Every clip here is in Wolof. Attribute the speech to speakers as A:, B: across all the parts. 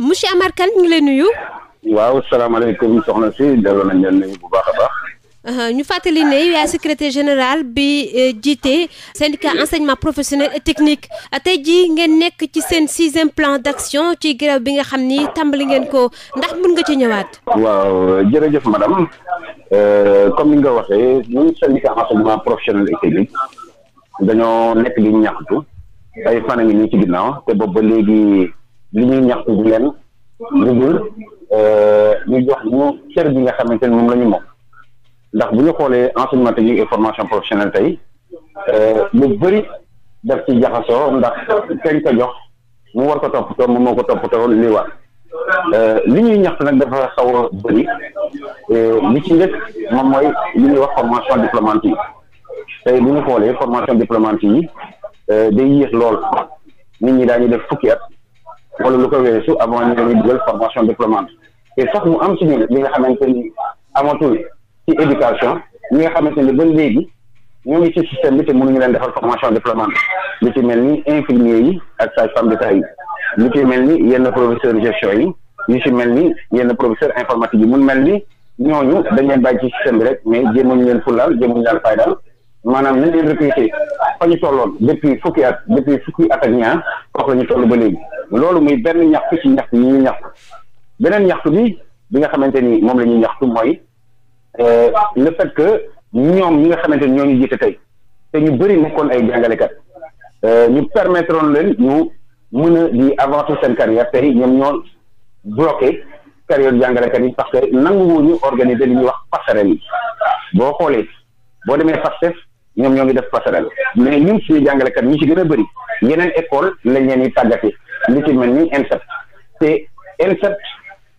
A: monsieur Amar Kane ñu ngi lay nuyu.
B: waaw salaamaaleykum soxna si delloo nañ leen nuyu bu baax a baax.
A: ñu fàttali ne yow yaa secrétaire général bi eh, jiite syndicat enseignement professionnel et technique tey jii ngeen nekk ci seen sixième plan d'action ci grève bi nga xam ni tàmbali ngeen ko ndax mën nga ci ñëwaat.
B: waaw jërëjëf madame eh, comme ni nga waxee ñun syndicat enseignement professionnel et technique dañoo nekk di ñaxtu ay fan a ngi nii ci ginnaaw te boobu ba li ñuy ñaxtu di leen lu dul ñu jox ñu cër bi nga xamante ne moom la moom ndax bu ñu xoolee enseignement technique et formation professionnelle tey euh, lu bëri daf ci jaxasoo ndax kañ ko jox mu war ko toppatoo moom moo ko toppatoo li war euh, li ñuy ñaxtu nag dafa xaw a bëri euh, li ci njëkk moom mooy li ñuy wax formation diplômante yi tey bu ñu xoolee formation diplômante yi day yéex lool nit ñi daañu def fukki at wala lu ko weesu avant ñu leen di dugal formation diplômante te sax mu am ci ñun li nga xamante ni amatul ci éducation ñi nga xamante ni ba léegi ñoo ngi ci système bi te mënuñu leen defal formation diplômante lu ci mel ni infirmier yi ak sage-femme d'État yi lu ci mel ni yenn professeur gestion yi ñu ci mel ni yenn professeur informatique yi mun mel ni ñooñu dañ leen bàyyi ci système bi rek mais jéemuñu leen fulaal jéemuñu leen faydaal maanaam nañ leen recruter fa ñu tolloon depuis fukki at depuis fukki at ak ñaar foofu la ñu toll ba léegi loolu muy benn ñaxtu ci ñaxtu yi ñu ñaxtu beneen ñaxtu bi bi nga xamante ni moom la ñuy ñaxtu mooy euh, le fait que ñoom ñi nga xamante ni ñoo ñu jiite tey te ñu bëri nekkoon ay jàngalekat euh, ñu permettre leen ñu mën a di avancer seen carrière tey ñoom ñoo bloqué carrière jàngalekat yi parce que ñu organiser li ñuy wax passerelle yi boo xoolee boo demee Pastef ñoom ñoo ngi def passerelle mais ñun suñu jàngalekat ñu ci gën a bëri yeneen école lañ leen di tàggati li ci mel ni INSEP te INSEP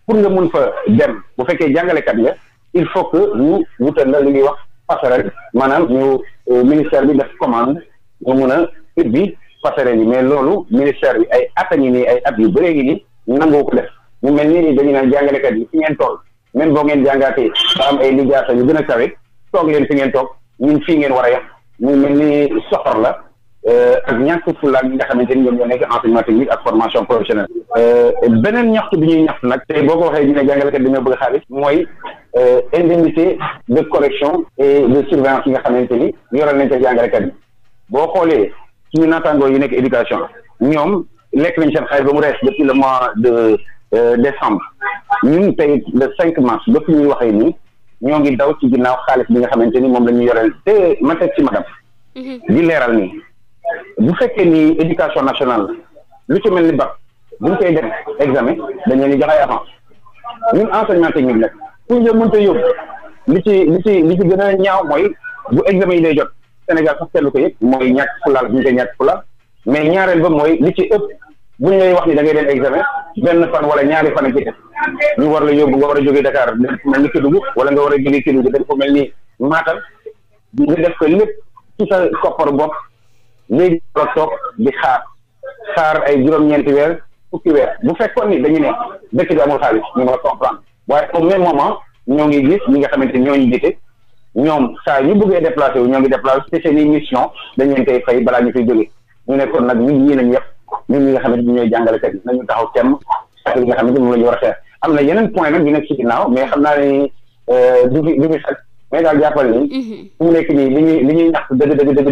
B: pour nga mun fa dem bu fekkee jàngalekat nga il faut que ñu wutal la li ñuy wax passerelle maanaam ñu euh, ministère bi def commande mu mun a ubbi passerelle yi mais loolu ministère bi ay at a ngi nii ay at yu bëree ngi nii nangoo ko def mu mel nii dañu naan jàngalekat yi fi ngeen toll même boo ngeen jàngaatee ba ay lijaasa yu gën a kawe toog leen fi ngeen toog. ñun fii ngeen war a yem mu mel ni soxor la euh, ak ñàkk fulla ñi nga xamante ni ñoom ñoo nekk enseignement technique ak formation professionnelle euh, beneen ñaxtu bi ñuy ñaxtu nag tey boo ko waxee ñu ne jàngalekat dañoo bëgg xaalis mooy euh, indemnité de correction et de surveillance yi nga xamante ni yoral nañ ko jàngalekat yi boo xoolee ñu naataangoo yu nekk éducation ñoom lekk nañ seen xaalis ba mu rees depuis le mois de décembre ñun tey le cinq mars depuis ñuy waxee nii ñoo ngi daw ci ginnaaw xaalis bi nga xamante ni moom la ñu yoreel te ma teg ci madame mhm. di leeral nii bu fekkee ni éducation national lu ci mel ni ba
A: buñ koy def examen dañ leen di
B: jox ay avance ñun enseignement technique nag pour nga mënta yóbbu li ci li ci li ci gën a ñaaw mooy bu examen yi lay jot Sénégal sax seetlu ko yëpp mooy ñàkk fulaal bu ñu koy ñàkk fulaal mais ñaareel ba mooy li ci ëpp buñ lay wax ni da ngay dem examen benn fan wala ñaari fan ak ci ñu war la yóbbu nga war a jógee Dakar dem fu mel ni Kédougou wala nga war a jógee Kédougou dem fu mel ni Matam nga def ko lépp ci sa koppar bopp léegi la toog di xaar xaar ay juróom-ñeenti weer fukki weer bu fekkoon ni dañu ne dëkk bi amul xaalis ñu nga comprendre waaye au même moment ñoo ngi gis ñi nga xamante ñoo ñu jiite ñoom saa ñu bëggee déplacé wu ñoo ngi déplacé te seen i mission dañu leen tey fay balaa ñu koy jógee ñu ne kon nag ñun ñii lañ ñun ñi nga xamante ni ñooy jàngalekat yi nañu taxaw temm ak li nga xamante ni moom la ñu war a xeex am na yeneen point nag ñu nekk ci mais xam naa ne euh, du fi du ngi sax mais daal jàppal ni. Mhm. mu nekk nii li ñuy li ñuy ñàkk da dëgg dëgg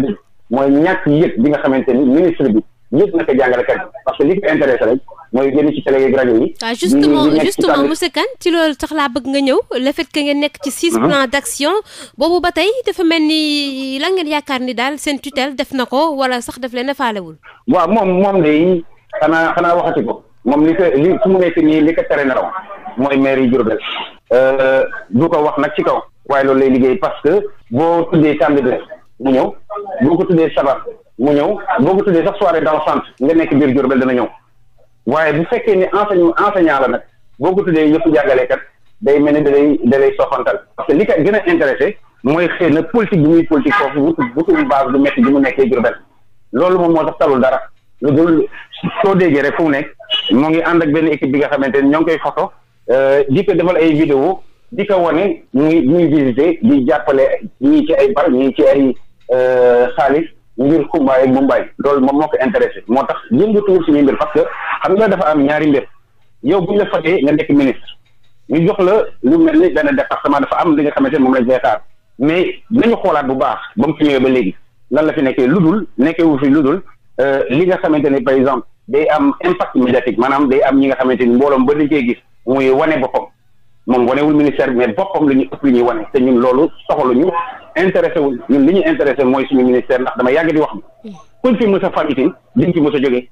B: mooy ñàkk yëpp bi nga xamante ni ministre bi gis na ko jàngalekat parce que li ko intéressé rek mooy génn ci télé yi rajo yi.
A: waaw ah, justement justement monsieur Kane ci loolu tax laa bëgg nga ñëw le fait que ngeen nekk ci six mhm. plans d'action boobu ba tey dafa mel nii la ngeen yaakaar ni daal seen tutelle def na ko wala sax daf leen a faalewul.
B: waaw moom moom day xanaa xanaa waxati ko moom li ko li su mu nekk nii li ko tere na raw mooy maire yi Diourbel bu euh, ko wax nag ci kaw waaye loolu lay liggéey parce que boo tuddee Tamba mu ñëw boo ko tuddee Sabar mu ñëw boo ko tuddee sax soirée dansante nga nekk biir Diourbel dana ñëw waaye bu fekkee ni enseigne enseignant la nag boo ko tuddee yëpp jàngalekat day mel ni da lay da lay soxantal parce que li ka gën a intéressé mooy xëy na politique bi muy politique foofu wutu wutum base bu métti bi mu nekkee Diourbel loolu moom moo tax talul dara lu dul soo déggee rek fu mu nekk mu ngi ànd ak benn équipe bi nga xamante ni ñoo ngi koy photo euh, di ko defal ay vidéo di ko wane muy muy visité di jàppale ñii ci ay bar ñii ci ay euh, xaalis ngir Kumba yeeg loolu moom moo ko intéressé moo tax yëngatuwul suñuy mbir parce que xam nga dafa am ñaari mbir yow bu ñu la fatee nga nekk ministre ñu jox la lu mel ni benn département dafa am li nga xamante ne moom lañ koy xaar mais nañu xoolaat bu baax ba mu fi ñëwee ba léegi nan la fi nekkee lu dul nekkee wu lu dul euh, li nga xamante ni par exemple day am impact médiatique maanaam day am ñi nga xamante ni mbooloom ba ni koy gis muy wane boppam. moom wanewul ministère bi mais boppam la ñu ëpp li ñuy wane te ñun loolu soxaluñu intéressé wul ñun li ñu intéressé mooy suñu ministère ndax dama yàgg di wax bi kuñ fi mës a famitin diñ fi mës a jógee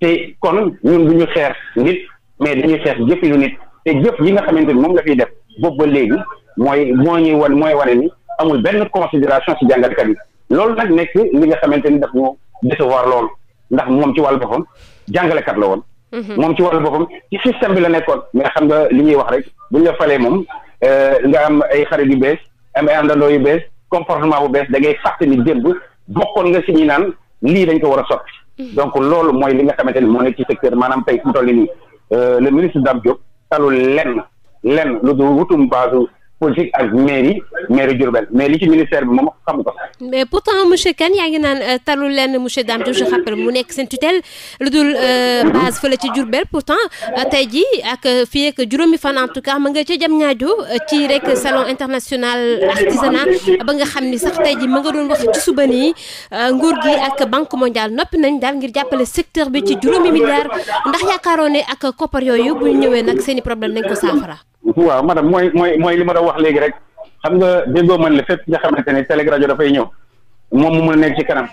B: te kon ñun du ñu xeex nit mais dañuy xeex jëfinu nit te jëf yi nga xamante ni moom la fiy def boobu ba léegi mooy moo ñuy wan mooy wane ni amul benn considération si jàngalekat yi loolu nag nekk li nga xamante ni daf ñu décevoir loolu ndax moom ci wàllu boppam jàngalekat la woon Mm-hmm. moom ci wàllu boppam ci système bi la nekkoon. mais xam nga li ñuy wax rek buñ la falee moom euh, nga am ay xarit yu bees am ay àndandoo yu bees comportement bu bees da ngay fàttali démb bokkoon nga si ñi naan lii dañ ko war a soppi. Mm-hmm. donc loolu mooy li nga xamante ni moo nekk ci secteur maanaam tey fu mu toll nii euh, le ministre Dame Diop talul lenn lenn lu dul wutum base politique ak mairie mairie Diourbel mais li ci ministère bi moom xamu ko.
A: mais pourtant monsieur Kane yaa ngi naan euh, talul lenn monsieur Dame Diop je rappelle mu nekk seen tutelle lu dul euh, base fële ci Diourbel pourtant euh, tey jii ak fii ak juróomi fan en tout cas ma nga ca jam ñaajo ci rek salon international artisanat ba nga xam ni sax tey jii mu nga doon wax ci suba nii nguur gi ak banque mondiale noppi nañ daal ngir jàppale secteur bi ci juróomi milliards ndax yaakaaroon ne ak koppar yooyu bu ñëwee nag seen i problème nañ ko saafara.
B: waaw madame mooy mooy li ma doon wax léegi rek xam nga déggoo man la fépp nga xamante ne télé rajo dafay ñëw moom mu mën a nekk ci kanam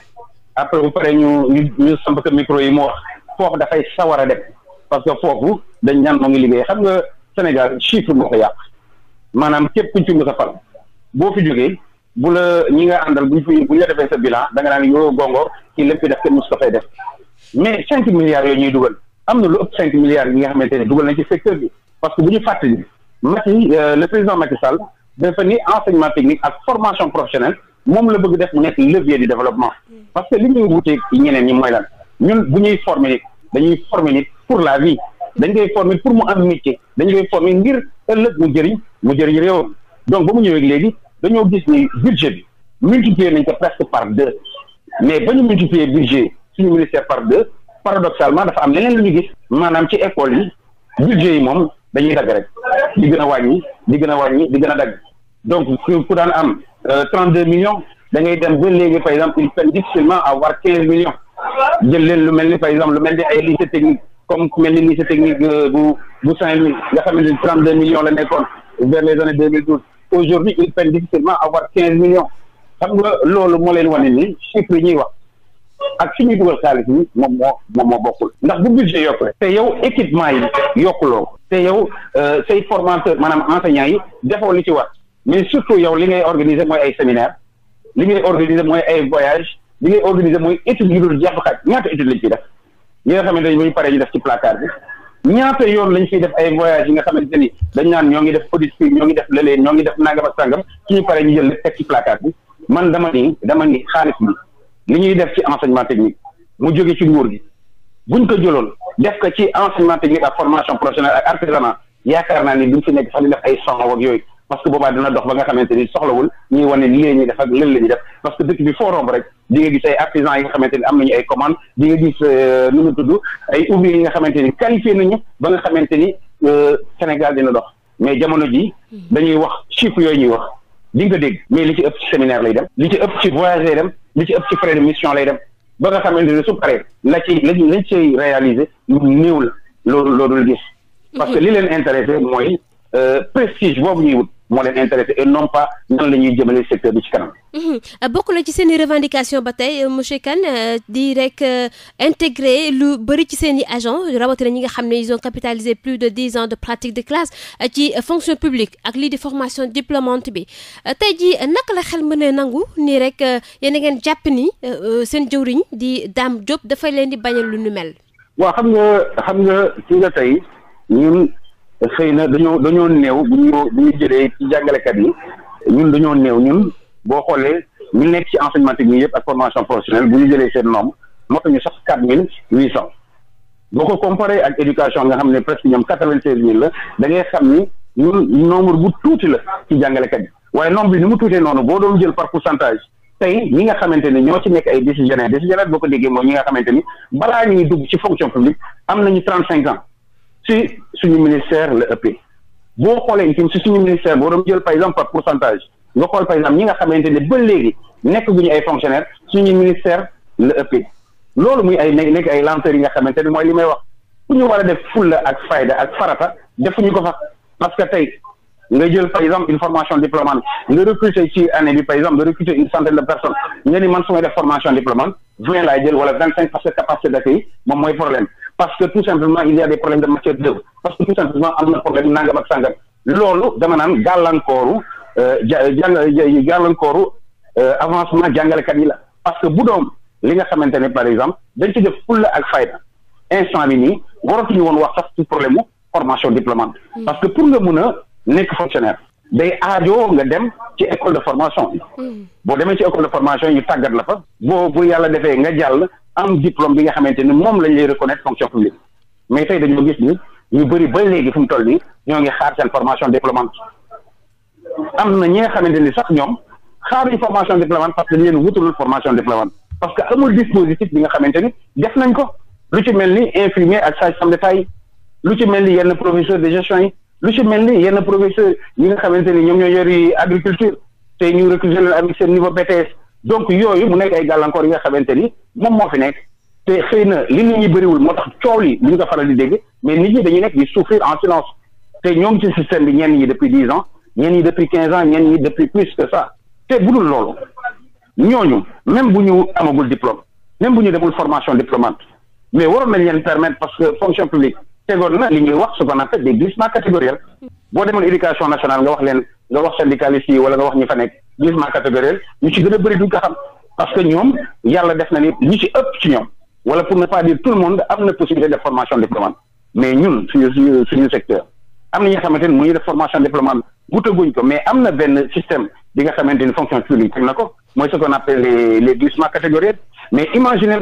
B: après bu paree ñu ñu samp ko micro yi mu wax foofu dafay sawar a dem parce que foofu dañ ñaan moo ngi liggéey xam nga Sénégal chiffre moo ko yàq maanaam képp kuñ fi mës a boo fi jógee bu la ñi nga àndal buñ fi buñ la defee sa bilan da nga naan yoo gongo ci lépp fi def kenn mës ko fay def mais cinq milliards yooyu ñuy dugal am na lu ëpp cinq milliards yi nga xamante ne dugal nañ ci secteur bi parce que bu ñu Macky euh, le président Macky Sall dafa ni enseignement technique ak formation professionnelle moom la bëgg def mu nekk levier di développement parce que li ñuy wuteeg ñeneen ñi mooy lan ñun bu ñuy former nit dañuy former nit pour la vie dañ koy former pour mu am métier dañ koy former ngir ëllëg mu jëriñ mu jëriñ réewam donc ba mu ñëwee léegi dañoo gis ni budget bi multiplier nañ ko presque par deux mais ba ñu multiplier budget suñu ministère par deux paradoxalement dafa am leneen lu ñu gis maanaam ci école yi budget yi moom dañuy dagg rek di gën a wàññi di gën a wàññi di gën a dagg donc ku daan am euh, trente deux millions da ngay dem ba léegi par exemple il peine difficilement à avoir quinze millions jël leen lu mel ni par exemple lu mel ni ay lycée technique comme ku mel ni lycée technique euh, bu bu Saint-Louis nga xam ne trente deux millions la nekkoon vers les années deux mille douze aujourd'hui il peine difficilement avoir quinze millions xam nga loolu moo leen wane ni chiffre yi ñuy wax ak fi ñuy dugal xaalis yi moom moo moom moo bokkul ndax bu budget yokkule te yow équipement yi yokkuloo te yow euh, say formateur maanaam enseignants yi defoo li ci war mais surtout yow li ngay organiser mooy ay séminaire li ngay organiser mooy ay voyage li ngay organiser mooy étude yu dul jeex xaaj ñaata étude lañ ciy def ñi nga xamante ne bu ñu paree ñu def ci placard bi ñaata yoon lañ fiy def ay voyage yi nga xamante ni dañ naan ñoo ngi def audit fii ñoo ngi def lële ñoo ngi def nangam ak sàngam suñu paree ñu jël lépp teg ci placard bi man dama ni dama ni xaalis bi li ñuy def ci enseignement technique mu jóge ci nguur gi buñ ko jëloon def ko ci enseignement technique ak formation professionnelle ak artisanat yaakaar naa ni duñ fi nekk sax di ay son ak yooyu parce que boobaa dina dox ba nga xamante ni soxlawul ñuy wane lii la ñuy def ak lël la ñuy def parce que dëkk bi foo rek di gis ay artisans yi nga xamante ni am nañu ay commande di gis euh, nu tudd ay ouvriers yi nga xamante ni qualifié nañu ba nga xamante ni euh, Sénégal dina dox mais jamono ji dañuy wax chiffres yooyu ñuy wax di nga dégg mais li ci ëpp ci lay dem li ci ëpp ci voyage lay dem li ci ëpp mission lay dem ba nga xamante ne su paree la ci la lañ cay réaliser lu néew la loolu loolu gis parce que li leen intéressé mooy euh, prestige boobu ñuy wut moo leen intéressé et non pas nan la ñuy jëmale secteur bi ci kanam.
A: Mhm. Euh, bokk na ci seen i revendication ba tey euh, monsieur Kane euh, di rek intégrer lu bëri ci seen i agents rawatina ñi nga xam ne ils ont capitalisé plus de dix ans de pratique de classe ci fonction publique ak lii di formation diplômante bi tey jii naka la xel mën a nangu nii rek yéen a ngeen jàpp ni seen jëwriñ di daam Diop dafay leen di bañal lu nu mel.
B: waaw xam nga xam nga ci nga tey xëy na dañoo dañoo néew bu ñu bu ñu jëlee ci jàngalekat yi ñun dañoo néew ñun boo xoolee ñu nekk ci enseignement technique yëpp ak formation professionnelle bu ñu jëlee seen nombre motuñu sax quatre mille huit cent boo ko comparé ak éducation nga xam ne presque ñoom quatre vingt seize mille la da ngay xam ni ñun nombre bu tuuti la ci jàngalekat yi waaye nombre bi ni mu tuutee noonu boo doon jël par pourcentage tey ñi nga xamante ni ñoo ci nekk ay décisionnaire décisionnaire boo ko déggee mooy nga xamante ni balaa ñuy dugg ci fonction publique am nañu trente cinq ans si suñu ministère la ëppee boo xoolee itam si suñu ministère boo doon jël par exemple par pourcentage nga xool par exemple ñi nga xamante ne ba léegi nekk gu ñu ay fonctionnaire suñu ministère la ëppee loolu muy ay nekk ay lenteur yi nga xamante ne mooy li may wax fu ñu war a def fulla ak fayda ak farata defuñu ko fa parce que tey nga jël par exemple une formation nga recruter ci année bi par exemple nga recruter une centaine de personnes nga ni man su may def moom mooy problème parce que tout simplement il y a des problèmes de matière d'œuvre parce que tout simplement am na problème nangam ak sàngam loolu dama naan gàllankooru euh, ja euh, jàng euh, avancement jàngalekat yi la parce que bu doom li nga xamante ne par exemple dañ si def fulla ak fayda instant bi nii waratuñu woon wax sax ci problème mu formation diplômante hmm. parce que pour nga mun a nekk fonctionnaire day aajoo nga dem ci école de formation hmm. boo demee ci école de formation ñu tàggat la fa boo bu yàlla defee nga jàll am diplôme bi nga xamante ni moom lañ lay reconnaître fonction publique mais tey dañoo gis ni ñu bëri ba léegi fu mu nii ñoo ngi xaar seen formation diplômante am na ñi nga xamante ni sax ñoom xaaruñ formation diplômante parce que dañ leen wutalul formation diplômante parce que amul dispositif bi nga xamante ni def nañ ko lu ci mel ni infirmier ak sage-femme d'État yi lu ci mel ni yenn professeur de gestion yi lu ci mel ni yenn professeur yi nga xamante ni ñoom ñoo yori agriculture te ñu recruter leen avec seen niveau donc yooyu mu nekk ay gàllankoor yi nga xamante ni moom moo fi nekk te xëy na li nit ñi bëriwul moo tax coow li ñu nga faral di dégg mais nit ñi dañu nekk di souffrir en silence te ñoo ngi ci système bi ñenn ñi depuis dix ans ñenn ñi depuis quinze ans ñenn ñi depuis plus que ça te bu dul loolu ñooñu même bu ñu amagul diplôme même bu ñu demul formation diplomate mais waroon nañ leen permettre parce que fonction publique tegoon na li ñuy wax ce qu'on appelle des glissements catégoriels boo demoon éducation nationale nga wax leen nga wax syndicaliste yi wala nga wax ñu fa nekk glissement catégoriel ñu ci gën a bëri duñ ko parce que ñoom yàlla def na ni ñu ci ëpp si ñoom wala pour ne pas dire tout le monde am na possibilité de formation diplômante mais ñun suñu suñu suñu secteur am na ñi nga xamante ni mu ngi def formation diplômante gutaguñ ko mais am na benn système bi nga xamante ni fonction publique na mooy ce qu'on appelle les les glissements catégoriels mais imaginez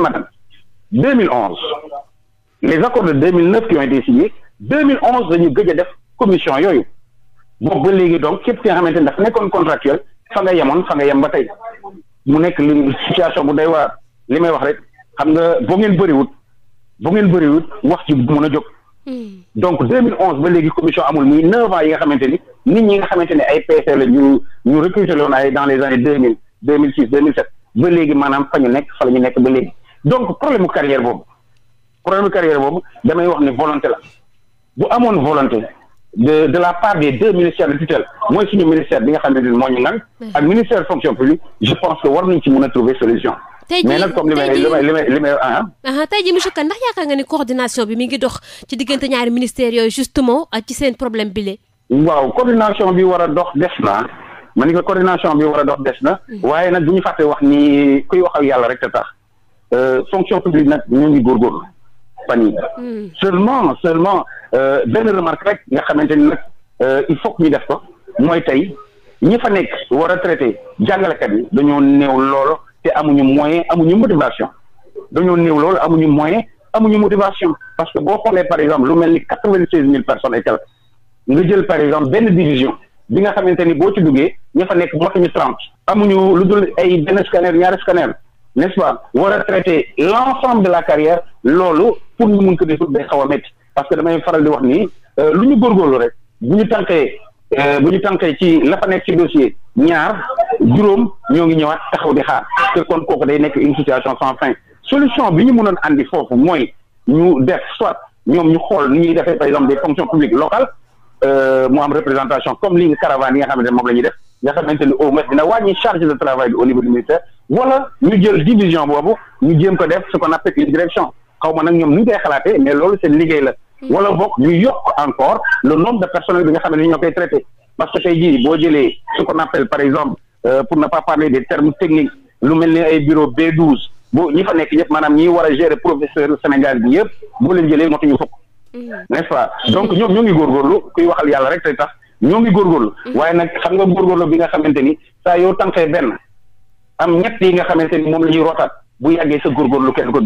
B: les accords de 2009 qui ont été signés 2011 la ñu gëj a def commission yooyu boobu ba léegi donc képp ki nga xamante ne dafa nekkoon contractuel fa nga yemoon fa nga yem ba tey mu nekk li situation bu day waar li may wax rek xam nga boo ngeen bëriwut boo ngeen bëriwut wax ci bu a jóg. Hmm. donc 2011 ba léegi commission amul muy 9 ans yi nga xamante ni nit ñi nga xamante ne ay PC la ñu ñu recruté loon ay dans les années 2000 ñu nekk fa la ñu nekk ba léegi donc problème mu carrière problème carrière boobu damay wax ne volonté la bu amoon volonté de de la part des deux ministères de tutelle mooy suñu ministère bi nga xamante ne moo ñu nang ak ministère fonction publique je pense que war nañ ci mun a trouver solution tey jii mais nag comme li may li may li may ah, ah.
A: Ah, ah. tey jii monsieur Kane ndax yaakaar nga ni coordination bi mi ngi dox ci diggante ñaari ministères yooyu justement ak ci seen problème bi la.
B: waaw coordination bi war a dox des na ma ni ko coordination bi war a dox des na. Hmm. waaye nag bu ñu fàtte wax ni kuy wax ak yàlla rek te tax. Euh, fonction publique nag ñu ngi góorgóorlu. fan yi mm. seulement seulement euh, benn remarque rek nga xamante ni nag euh, il faut que ñu def ko mooy tey ñi fa nekk war a traité jàngalekat yi dañoo néew lool te amuñu moyen amuñu motivation dañoo new loolu amuñu moyen amuñu motivation parce que boo xoolee par exemple lu mel ni quatre vingt seize mil personnes et nga jël par exemple benn division bi nga xamante ni boo ci duggee ñu fa nekk motuñu trente amuñu lu dul ay benn scanner ñaari scanner n'est-ce pas war a traiter de la carrière loolu pour ñu mun ko deful day xaw a parce que damay faral di wax ni euh, lu ñu góorgóorlu rek bu ñu tànkee euh, bu ñu tànkee ci la fa nekk ci dossier ñaar juróom ñoo ngi ñëwaat taxaw di xaar te kon kooku day nekk une situation sans fin solution bi ñu mënoon andi foofu mooy ñu def soit ñoom ñu xool ni ñuy defee par exemple des fonctions publiques locales euh, mu am représentation comme li nga caravane yi nga xamante ne moom la ñuy def nga xam ni au moins dina wàññi charge ñu jël division boobu ñu jéem ko def xaw ma nag ñoom nuñ koy xalaatee mais loolu seen liggéey la mm. wala boog ñu yokk encore le nombre de personnel bi nga xam ne ñoo koy traité parce que tey jii boo jëlee ce qu'on appelle par exemple euh, pour ne pas parler des termes techniques lu mel ni ay bureau bee 12 bu ñi fa nekk ñëpp maanaam ñi war a gérer professeur Sénégal bi yëpp boo leen jëlee ñu fukk mm. n'est-ce pas mm. donc ñoom ñoo ngi góorgóorlu kuy waxal yàlla rek tey tax ñoo ngi góorgóorlu waaye nag xam nga góorgóorlu bi nga xamante ni saa yow tànkee benn am ñett yi nga xamante ni moom la ñuy rootaat bu yàggee sa góorgóorlu kenn ko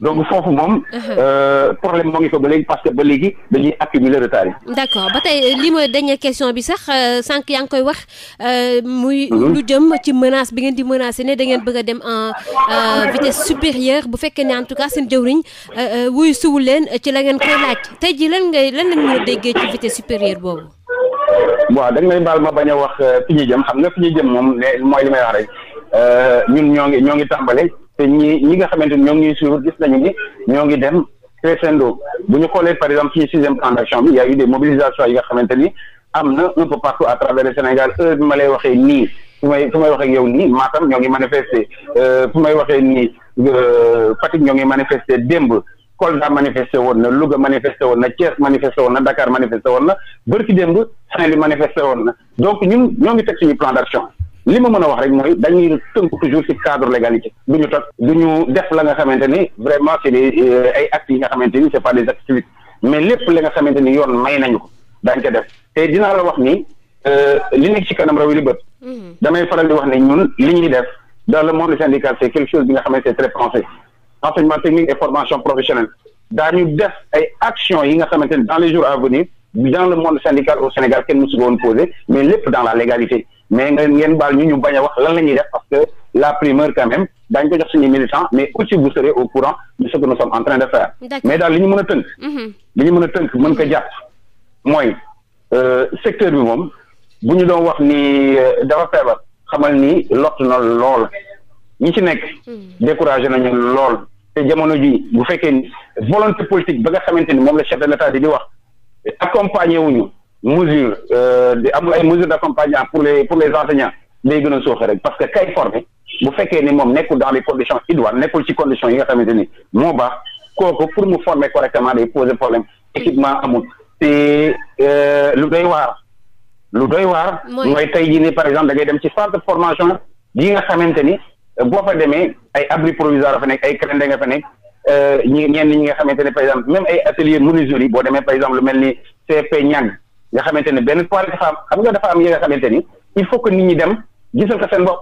B: donc foofu moom. Euh, problème moo ngi ko ba léegi parce que ba léegi dañuy accumuler retard yi.
A: d' accord ba tey li mooy dernière question bi sax euh, sànq yaa ngi koy wax euh, muy. lu jëm ci menace bi ngeen di menacer ne da ngeen bëgg a dem en vitesse supérieure bu fekkee ne en tout cas seen jëwriñ wuyu suwul leen ci la ngeen koy laaj tey ji lan ngay lan lañ mën a déggee ci vitesse supérieure boobu.
B: waaw dañ may baal ma bañ a wax fi ñu jëm xam nga fi ñu jëm moom ne mooy li may wax rek ñun ñoo ngi ñoo ngi tàmbale. te ñi ñi nga xamante ni ñoo ngi suivre gis nañu ni ñoo ngi dem crescendo bu ñu xoolee par exemple suñu sixième plan d'action bi y a eu des yi nga xamante ni am na un peu partout à travers le Sénégal heure bi ma lay waxee nii fu may fu may waxee yow nii Matam ñoo ngi manifester euh, fu may waxee nii euh, Fatick ñoo ngi manifester démb Kolda manifesté woon na Louga manifesté woon na Thiès manifesté woon na Dakar manifesté woon na bërki démb Saint-Louis manifesté woon na donc ñun ñoo ngi teg suñu plan d'action li ma mën a wax rek mooy dañuy tënk toujours ci cadre légalité du ñu toog du ñu def la nga xamante ni vraiment c'est des euh, ay actes yi nga xamante ni c'est pas des actes civiques mais lépp li nga xamante ni yoon may nañu ko dañ ko def te dinaa la wax ni euh, li nekk ci kanam raw li bët mhm. damay faral di wax ne ñun li ñuy def dans le monde syndical c'est quelque chose bi nga xamante c'est très pensé enseignement technique et formation professionnelle daañu def ay actions yi nga xamante ni dans les jours à venir dans lépp dans la légalité mais nga ngeen baal ñu ñu bañ a wax lan la ñuy def parce que la primeur quand même daañu ko jox suñu militant mais aussi vous serez au courant de ce que nous sommes en train de faire. mais daal li ñu mën a tënk. Mhm. li ñu mën a tënk mën ko mhm. jàpp mooy euh, secteur bi moom bu ñu doon wax ni euh, dafa feebar xamal ni lott na lool ñu ci nekk. Mhm. découragé nañu lool te jamono ji bu fekkee ni volonté politique ba nga xamante ni moom la chef de l'état di di wax accompagner wuñu mesure euh, di amul ay mesures d'accompagnement pour les pour les enseignants day gën a suuxe rek parce que kay formé bu fekkee ni moom nekkul dans les conditions idoines nekkul ci conditions yi nga xamante ni moo baax kooku pour mu former correctement day poser problème équipement amul te euh, lu doy waar lu doy waar mooy tey jii ni par exemple da ngay dem ci centre formation yi nga xamante ni boo fa demee ay abri provisoire fa nekk ay crène nga fa nekk euh, ñi ñenn ñi nga xamante ne par exemple même ay atelier demee par exemple lu mel ni nga xamante ne benn soirée dafa am nga dafa am yi nga xamante ni il faut que nit ñi dem gisal ko seen bopp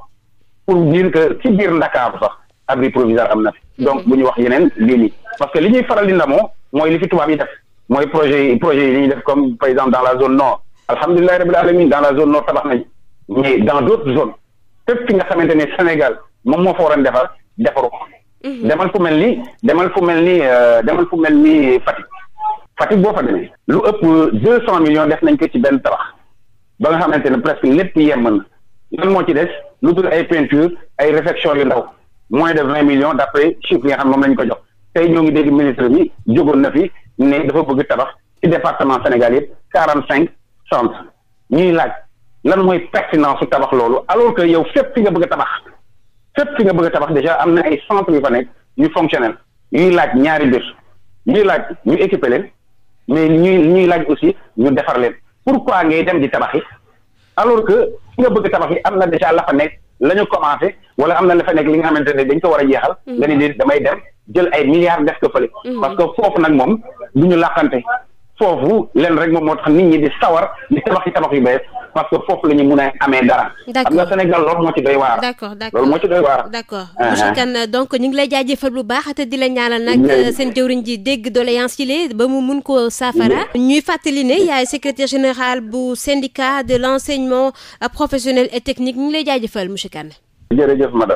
B: pour dire que ci biir Ndakaaru sax abri provisoire am na fi mm-hmm. donc bu ñu wax yeneen lii nii parce que li ñuy faral di ndamoo mooy li fi tubaab yi def mooy projet projet yi li ñuy def comme par exemple dans la zone nord alhamdulilahi rabil alamin dans la zone nord tabax nañ mais dans d' autres zones fépp fi nga xamante ne Sénégal moom moo fa waroon defar defaru mm-hmm. demal fu mel ni demal fu mel ni euh, demal fu mel ni Fatick Fatick lu ëpp deux cent millions def nañ ko ci benn tabax ba nga xamante ne presque lépp yemm na lan moo ci des lu dul ay peinture ay réfection yu ndaw moins de vingt millions d' après chiffre xam moom lañ ko jox tey ñoo ngi dégg ministre bi jógoon na fi ne dafa bëgg tabax ci département Sénégal yëpp quarante cinq centres ñuy laaj lan mooy pertinence su tabax loolu alors que yow fépp fi nga bëgg a tabax fépp fi nga bëgg a tabax déjà am na ay centres yu fa nekk yu fonctionnel ñuy laaj ñaari mbir ñuy laaj ñu équipé leen mais ñuy ñuy laaj aussi ñu defar leen pourquoi ngay dem di tabaxi alors que fi nga bëgg tabax yi am na déjà la fa nekk la ñu commencé wala am na la fa nekk li nga xamante ne dañ ko war a jeexal mhm. nga di damay dem jël ay milliards def ko fële mhm. parce que foofu nag moom du ñu làqante foofu leen rek moom moo tax nit ñi di sawar di tabax yi tabax yu bees parce que foofu la ñu mun a amee dara. d'accord xam nga Sénégal loolu moo ci doy waar. d'accord
A: d'accord ci doy waar. Ah, ah. donc ñu ngi lay jaajëfal bu baax te di la ñaanal nag euh, seen jëwriñ ji dégg doléance yi la ba mu mun koo saafara. ñuy fàttali ne yaay secrétaire général bu syndicat de l'enseignement euh, professionnel et technique ñu ngi lay jaajëfal monsieur Kane.
B: jërëjëf madame.